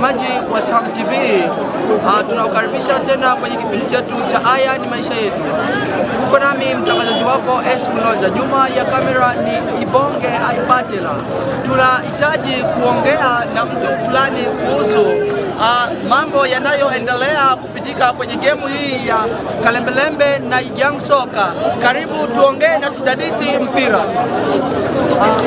Mtazamaji wa Sam TV, ah, tunakukaribisha tena kwenye kipindi chetu cha aya ni Maisha Yetu. Uko nami mtangazaji wako S Kulonja, nyuma ya kamera ni Ibonge Aipatela. Tunahitaji kuongea na mtu fulani kuhusu uh, mambo yanayoendelea kupitika kwenye gemu hii ya Kalembelembe na Young Soka. Karibu tuongee na tudadisi mpira uh,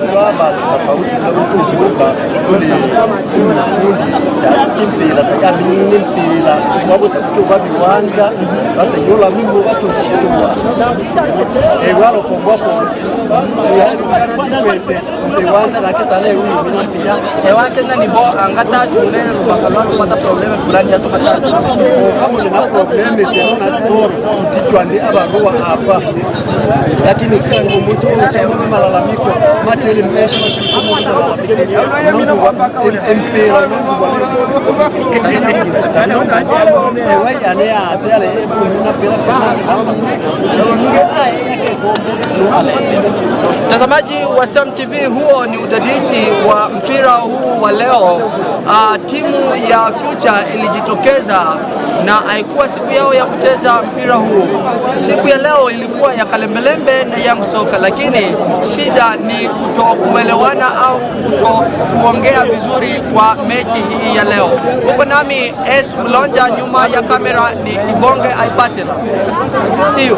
chama tofauti kidogo kuvuka kuli kundi yani mpira wabo takutuba viwanja basi yola mingo watu shituma ewalo eh, kongwako tuyakwete viwanja na kitale huyu mpira ewake eh, na ni bo angata chule bakalo kupata problem fulani ya tupata eh, kama ni na problem sio na sport mtichwandi abaroa hapa lakini kango mtu chama malalamiko macho Ele mexe na MP, Ewe yale ya asele e bonuna pela final. Que Mtazamaji wa Sam TV, huo ni udadisi wa mpira huu wa leo. Uh, timu ya Future ilijitokeza na haikuwa siku yao ya kucheza mpira huu. Siku ya leo ilikuwa ya kalembelembe na Young Soka, lakini shida ni kutokuelewana au kuto kuongea vizuri kwa mechi hii ya leo. Huko nami S Ulonja, nyuma ya kamera ni Ibonge Aipatela. See you.